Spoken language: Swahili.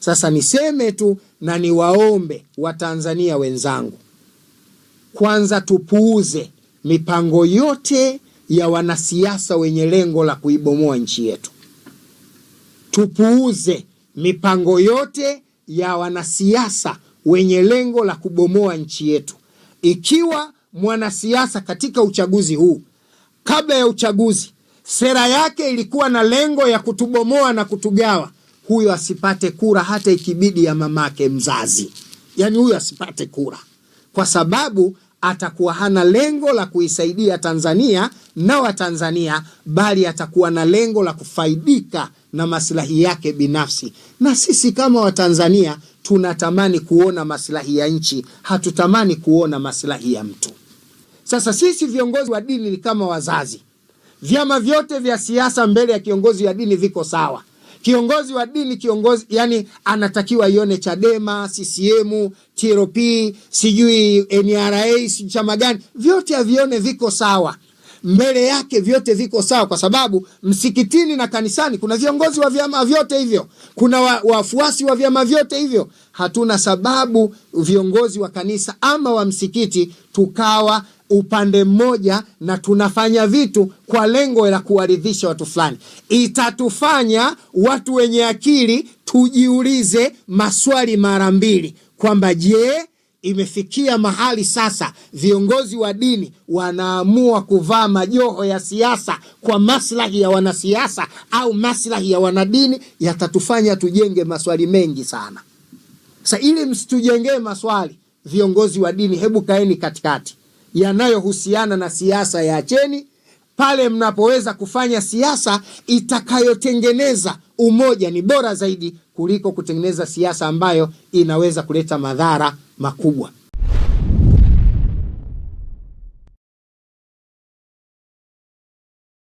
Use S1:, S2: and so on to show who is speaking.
S1: Sasa niseme tu na niwaombe Watanzania wenzangu, kwanza tupuuze mipango yote ya wanasiasa wenye lengo la kuibomoa nchi yetu. Tupuuze mipango yote ya wanasiasa wenye lengo la kubomoa nchi yetu. Ikiwa mwanasiasa katika uchaguzi huu, kabla ya uchaguzi, sera yake ilikuwa na lengo ya kutubomoa na kutugawa huyo asipate kura hata ikibidi ya mamake mzazi, yaani huyo asipate kura kwa sababu atakuwa hana lengo la kuisaidia Tanzania na Watanzania, bali atakuwa na lengo la kufaidika na maslahi yake binafsi. Na sisi kama Watanzania tunatamani kuona maslahi ya nchi, hatutamani kuona maslahi ya mtu. Sasa sisi viongozi wa dini ni kama wazazi. Vyama vyote vya siasa mbele ya kiongozi wa dini viko sawa, Kiongozi wa dini, kiongozi yani anatakiwa ione Chadema, CCM, TLP, sijui NRA, sijui chama gani, vyote avione viko sawa mbele yake vyote viko sawa, kwa sababu msikitini na kanisani kuna viongozi wa vyama vyote hivyo, kuna wafuasi wa, wa vyama vyote hivyo. Hatuna sababu viongozi wa kanisa ama wa msikiti tukawa upande mmoja na tunafanya vitu kwa lengo la kuwaridhisha watu fulani, itatufanya watu wenye akili tujiulize maswali mara mbili kwamba je, imefikia mahali sasa viongozi wa dini wanaamua kuvaa majoho ya siasa kwa maslahi ya wanasiasa au maslahi ya wanadini? Yatatufanya tujenge maswali mengi sana. Sa ili msitujengee maswali viongozi wa dini, hebu kaeni katikati yanayohusiana na siasa ya cheni Pale mnapoweza kufanya siasa itakayotengeneza umoja ni bora zaidi kuliko kutengeneza siasa ambayo inaweza kuleta madhara makubwa.